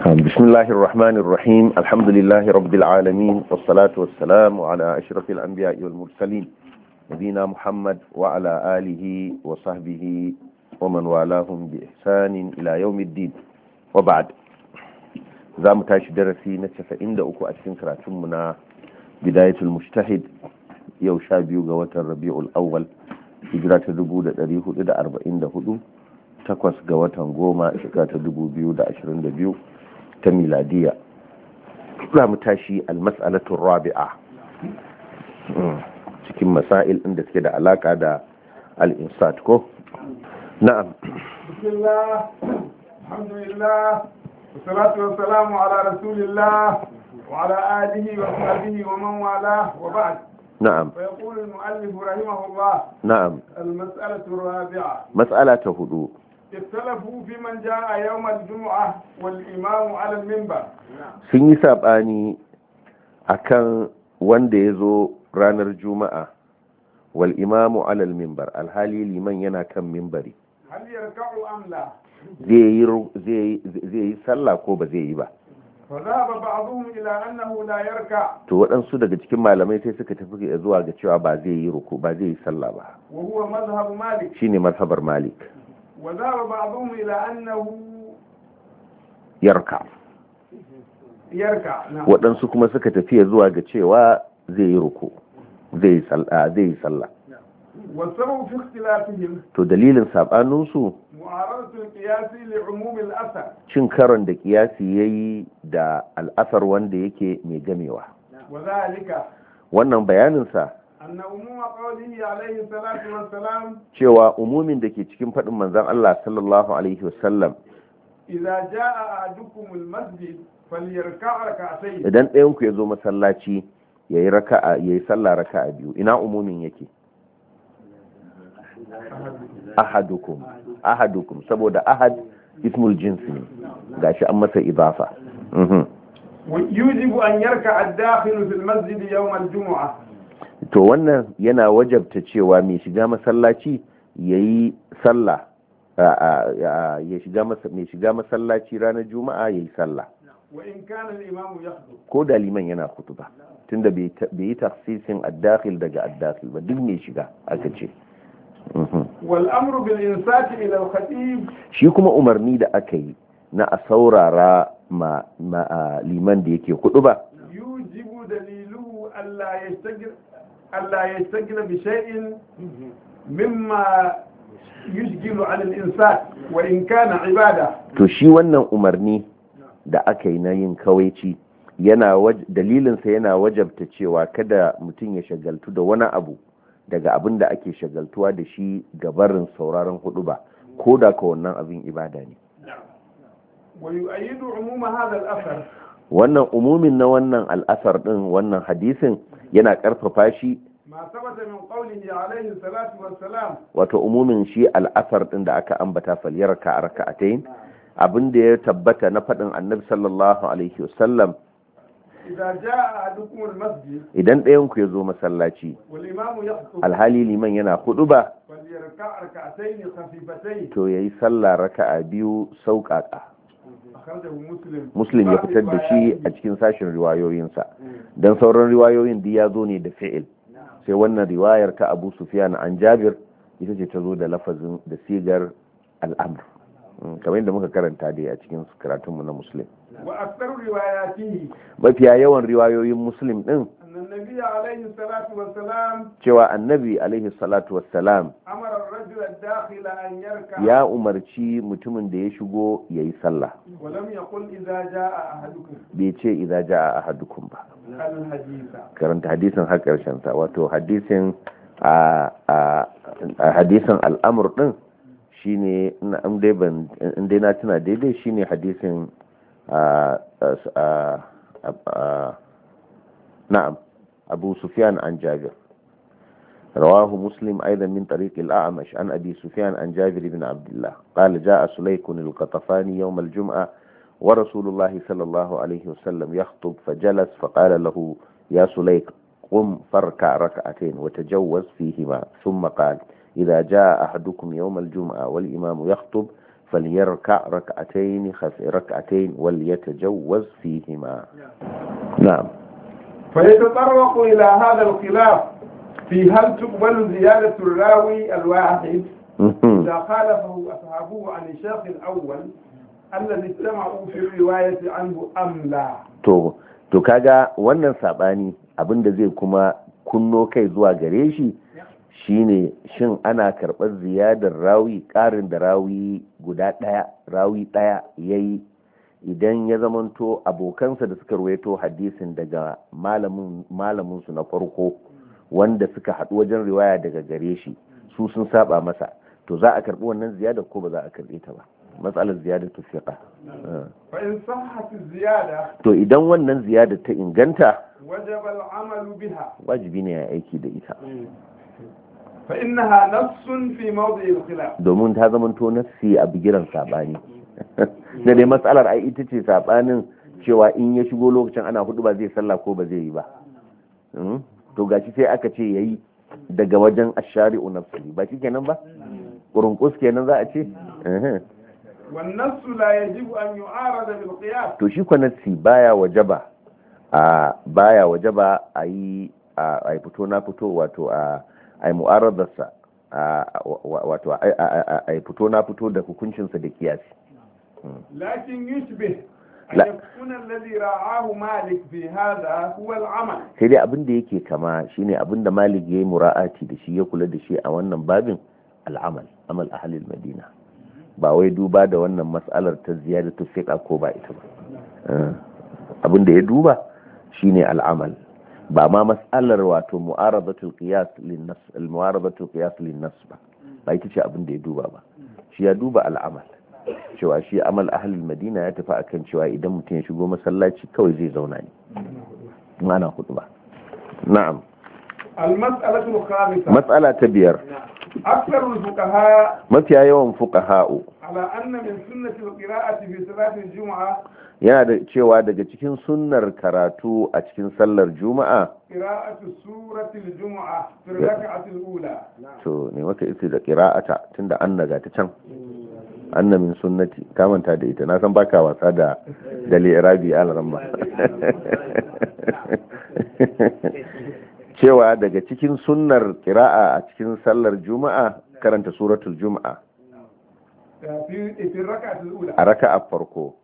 بسم الله الرحمن الرحيم الحمد لله رب العالمين والصلاة والسلام على أشرف الأنبياء والمرسلين نبينا محمد وعلى آله وصحبه ومن والاهم بإحسان إلى يوم الدين وبعد za mu tashi darasi na 93 a cikin karatunmu na bidayatul mujtahid yau sha biyu ga watan rabi'ul awwal hijira ta 1444 takwas ga watan goma shekara ta 2022 ta miladiya za mu tashi almas'alatu rabi'a hmm, cikin masail ɗin da suke da alaka da al-insat ko na'am bismillah alhamdulillah wassalatu wassalamu ala rasulillah wa ala alihi wa sahbihi wa man wala wa ba'd نعم فيقول المؤلف رحمه الله نعم المسألة الرابعة مسألة هدوء اختلفوا في من جاء يوم الجمعة والإمام على المنبر sun yi saɓani akan wanda ya zo ranar juma'a wal imamu alhali liman yana kan mimbari zai yi sallah ko ba zai yi ba to waɗansu daga cikin malamai sai suka tafi zuwa ga cewa ba zai yi ruku ba zai yi sallah ba shine mazhabar malik وذهب waɗansu kuma suka tafiya zuwa ga cewa zai yi ruku zai yi sallah to dalilin sabanin cin karon da qiyasi yayi da al'asar wanda yake mai gamewa wannan bayanin sa cewa umumin da ke cikin faɗin manzan Allah sallallahu alaihi wasallam idan ɗayanku ya zo masallaci ya yi raka'a raka a biyu ina umumin yake ahadukum ahadukum saboda ahad ismul jinsi ne shi an masa idafa mhm. yujibu an yarka ad-dakhil fil masjid yawm al-jum'ah to wannan yana wajabta cewa mai shiga masallaci ya yi sallah ya shiga mai shiga masallaci ranar juma'a ya yi sallah ko da liman yana tun tunda bai yi tafsisin addakil daga addakil ba duk mai shiga aka ce mhm. shi kuma umarni da aka yi na a saurara ma liman da yake kudu ba Allah ya sagina bi shay'in mhm. mimma yusgilu ala al-insan wa in kana ibada to shi wannan umarni da aka yi na yin kawaici yana dalilinsa yana wajabta cewa kada mutum ya shagaltu da wani abu daga abin da ake shagaltuwa da shi gabarin sauraron hudu ba ko da ka wannan abin ibada ne. Wayu yu'ayidu umuma al asar wannan umumin na wannan al'asar din wannan hadisin yana karfafa shi wato umumin shi al'asar din da aka ambata falyar ka a raka'atayn abin da ya tabbata na faɗin annabi sallallahu alaihi wasallam idan ɗayan ku ya zo masallaci alhali liman yana hudu ba to ya yi sallah raka'a biyu sauƙaƙa muslim ya fitar da shi a cikin sashen riwayoyinsa don sauran riwayoyin da ya zo ne da fi'il sai wannan riwayar ta abu sufyan an jabir ita ce ta zo da lafazin da sigar al'amr hmm, kamar yadda muka karanta dai a cikin karatunmu na muslim mafiya yawan riwayoyin muslim din annabi alaihi salatu cewa annabi alaihi salatu wassalam salam. ya umarci mutumin da ya shigo yayi sallah bai ce idza jaa ahadukum ba karanta hadisin har karshen sa wato hadisin a hadisin al'amur din shine in dai in dai na tuna daidai shine hadisin a na'am أبو سفيان عن جابر رواه مسلم أيضا من طريق الأعمش عن أبي سفيان عن جابر بن عبد الله قال جاء سليك القطفاني يوم الجمعة ورسول الله صلى الله عليه وسلم يخطب فجلس فقال له يا سليك قم فاركع ركعتين وتجوز فيهما ثم قال إذا جاء أحدكم يوم الجمعة والإمام يخطب فليركع ركعتين ركعتين وليتجوز فيهما نعم فيتطرق إلى هذا الخلاف في هل تقبل زيادة الراوي الواحد إذا خالفه أصحابه عن الشيخ الأول الذي اجتمعوا في الرواية عنه أم لا تو to kaga wannan sabani abinda zai kuma kunno kai zuwa gare shi shine shin ana karɓar ziyadar rawi ƙarin da rawi guda ɗaya rawi ɗaya ya yi idan ya zamanto abokansa da suka ruwaito hadisin daga malaminsu na farko wanda suka haɗu wajen riwaya daga gare shi su sun saba masa to za a karɓi wannan ziyada ko ba za a karɓe ta ba matsalar ziyada ta fiƙa to idan wannan ziyada ta inganta wajibi ne ya aiki da ita domin ta zamanto nassi a bigiran saɓani da dai matsalar ai ita ce sabanin cewa in ya shigo lokacin ana hudu ba zai sallah ko ba zai yi ba hmm? to gashi sai aka ce yayi daga wajen ashari'u nafsi ba shi kenan ba kurunkus kenan za a ce wannan والنص an yi أن da بالقياس to shi nasi baya wajaba a baya wajaba ayi a fito na fito wato a ai mu'aradarsa wato ai fito na fito da hukuncinsa da kiyasi lakin yushbih sai dai abin da yake kama shine abinda malik ya yi mura'ati da shi ya kula da shi a wannan babin al'amal amal ahalil madina ba wai duba da wannan mas'alar ta ziyarar tufika ko ba ita ba eh, Abinda ya duba shine al'amal ba ma mas'alar wato mu'aradatul qiyas lin nas al mu'aradatul qiyas lin nas ba ba ita ce abinda ya duba ba shi ya duba al'amal cewa shi amal ahalul madina ya tafi akan cewa idan mutum ya shigo masallaci kawai zai zauna ne ana hudu ba na'am matsala ta biyar mafiya yawan fukaha'u yana da cewa daga cikin sunnar karatu a cikin sallar juma'a to ne maka isi da kira'ata tunda an naga ta can eh. anna min sunnati ka manta da ita na san baka wasa da dali irabi al-ramma cewa daga cikin sunnar Kira'a a cikin sallar juma'a karanta suratul juma'a a raka a farko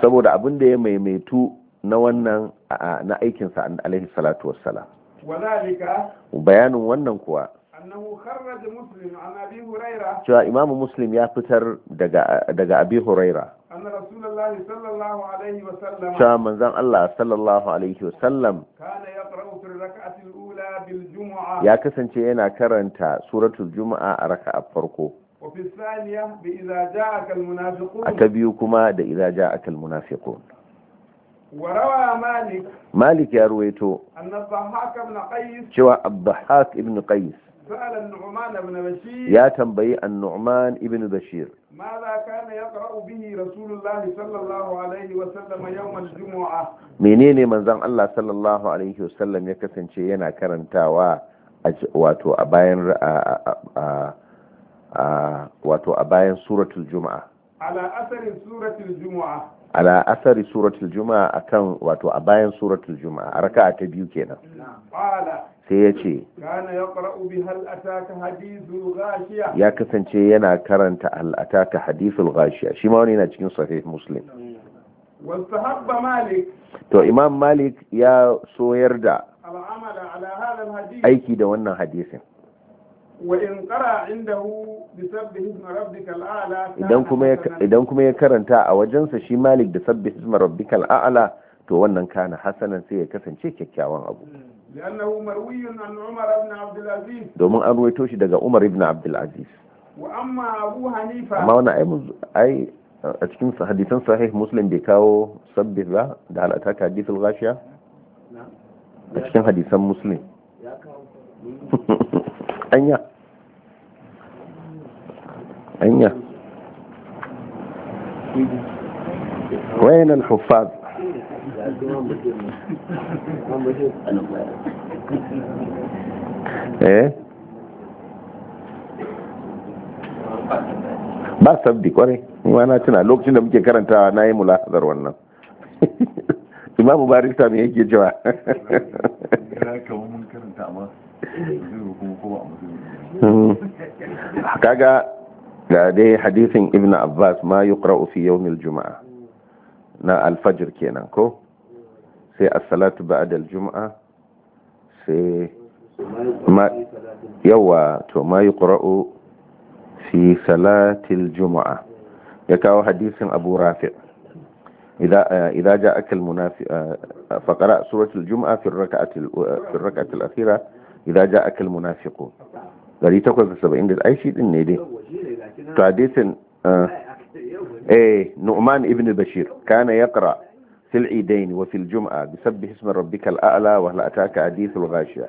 saboda abin da ya maimaitu na wannan na aikinsa alaihi salatu wassalam bayanin wannan kuwa cewa imamu muslim ya fitar daga abi huraira cewa manzan Allah sallallahu alaihi wasallam ya kasance yana karanta suratul juma'a a a farko a ta biyu kuma da izaja akal munafiqun malik ya ruwaito cewa abdahak ibn qais ya tambayi annu'man ibn bashir menene manzon Allah sallallahu alaihi wasallam ya kasance yana karantawa a wato a bayan suratul juma'a ala asarin suratul juma'a asari suratul juma'a akan wato a bayan suratul juma'a a raka'a ta biyu kenan sai ya ce ya kasance yana karanta al'ataka hadithul ghashiya shi ma wani yana cikin sahih muslim to imam malik ya soyar da aiki da wannan hadisin idan kuma ya karanta a wajensa shi malik da sabbi hisma rabbikal a'ala to wannan kana hasanan sai ya kasance kyakkyawan abu hmm. domin an ruwaito shi daga umar ibn abdulaziz amma wani ai a cikin hadisan sahih muslim bai kawo sabbi ba da ka hadithul gashiya a cikin hadisan muslim anya anya wayan al-huffaz eh ba sabbi kwarai ma na tuna lokacin da muke karantawa na yi mulahazar wannan imamu barista ne yake cewa Hmm. kaga ga dai hadisin ibn abbas ma yuqra'u fi yawmil juma'a na alfajir kenan ko sai as-salatu ba'da al-jum'a sai ma yawa to ma yuqra'u fi salatil juma'a ya kawo hadisin abu rafi' إذا إذا جاءك المنافق a سورة الجمعة في الركعة في الركعة الأخيرة idan ja aka yi munafiku 870 aishi din ne dai To tradition eh nu'man ibn bashir kana yaqra fil idain wa fil jum'a bi sabbi ismi rabbika a'la wa la ataka hadithul ghashiya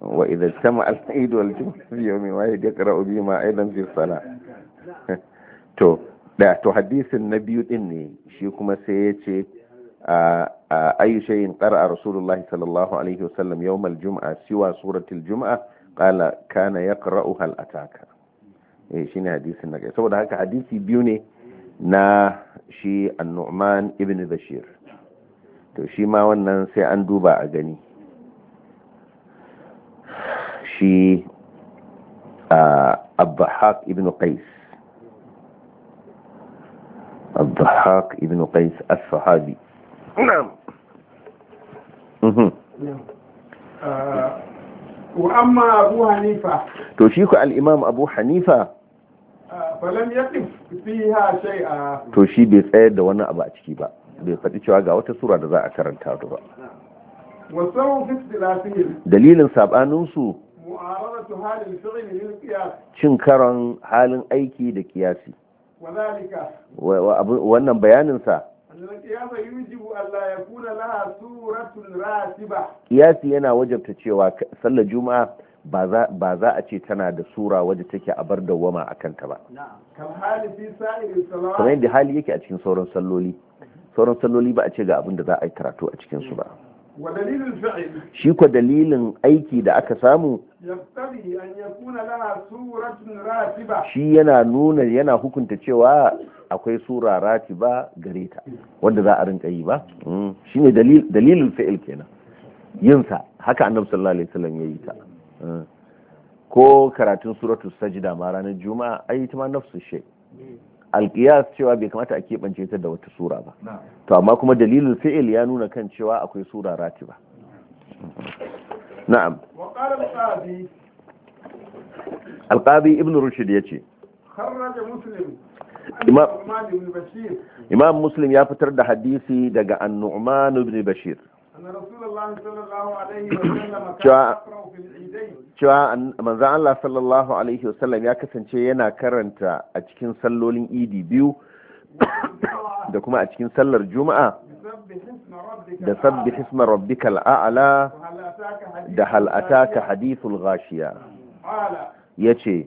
wa idha sama al aid wal jum'a fi yawmi wahid yaqra bi ma aidan fi sala to da to hadithin nabiyu din ne shi kuma sai yace a آه، أي شيء قرأ رسول الله صلى الله عليه وسلم يوم الجمعة سوى سورة الجمعة قال كان يقرأها الأتاكا إيه شين حديث النجاة سوى هكا حديثي بيوني نا شي النعمان ابن بشير تو شي ما ونن سي an duba a gani الضحاك ابن قيس qais abdahak ibn qais as Mhm. abu hanifa to shi ku al'imam abu hanifa fi ha fiha a to shi bai tsayar da wani abu a ciki ba bai faɗi cewa ga wata sura da za a karanta ta ba dalilin sabaninsu cin karon halin aiki da kiyasi wannan bayaninsa yujibu Allah ya kuna laha Kiyasi yana wajabta cewa sallar Juma'a ba za a ce tana da sura waje take a bar dawwama a kanta ba. Kamar yadda hali yake a cikin sauran salloli. Sauran salloli ba a ce ga abin da za a yi karatu a cikinsu ba. Mm. Shi kwa dalilin aiki da aka samu shi yana nuna yana hukunta cewa akwai sura ba gare ta wanda za a rinka yi ba mm. ne dalilin fi'il kenan yinsa, haka annabi sallallahu alaihi wasallam yi ta mm. ko karatun suratul sajda ma ranar juma'a ai ita ma nafsu shay alqiyas cewa bai kamata a kebance ta da wata sura ba to amma kuma dalilin fi'il ya nuna kan cewa akwai sura ba na'am wa qala al-qadi ibn rushd yace kharraja muslim imam muslim ya fitar da hadisi daga annu'man ibn bashir cewa Allah sallallahu alaihi wasallam ya kasance yana karanta a cikin sallolin idi biyu da kuma a cikin sallar juma'a da sabbi hisma rabbikal a'ala da hal'ata ka hadithul Ya ce.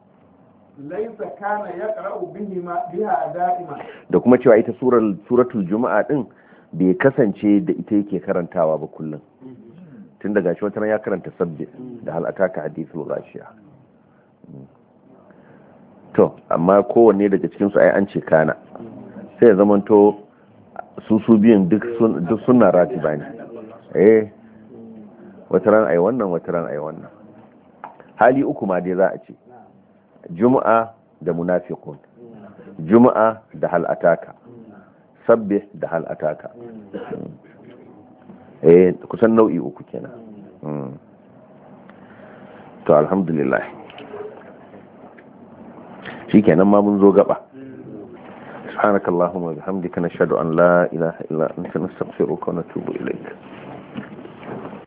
laisa kana bihima biha da'ima da kuma cewa ita surar suratul juma'a din bai kasance da ita yake karantawa ba kullum tun daga shi wata ya karanta sabbi da hal ataka hadithul ghashiya to amma kowanne daga cikin su ai an ce kana sai ya zamanto su su biyan duk suna rati ba ne eh wataran ai wannan wataran ai wannan hali uku ma dai za a ce juma'a da munafiqun juma'a da halataka sabbi da halataka mm. eh kusan nau'i uku kenan mm. to alhamdulillah shikenan ma mun zo gaba subhanakallahumma wa bihamdika nashhadu an la ilaha illa anta nastaghfiruka wa natubu ilayk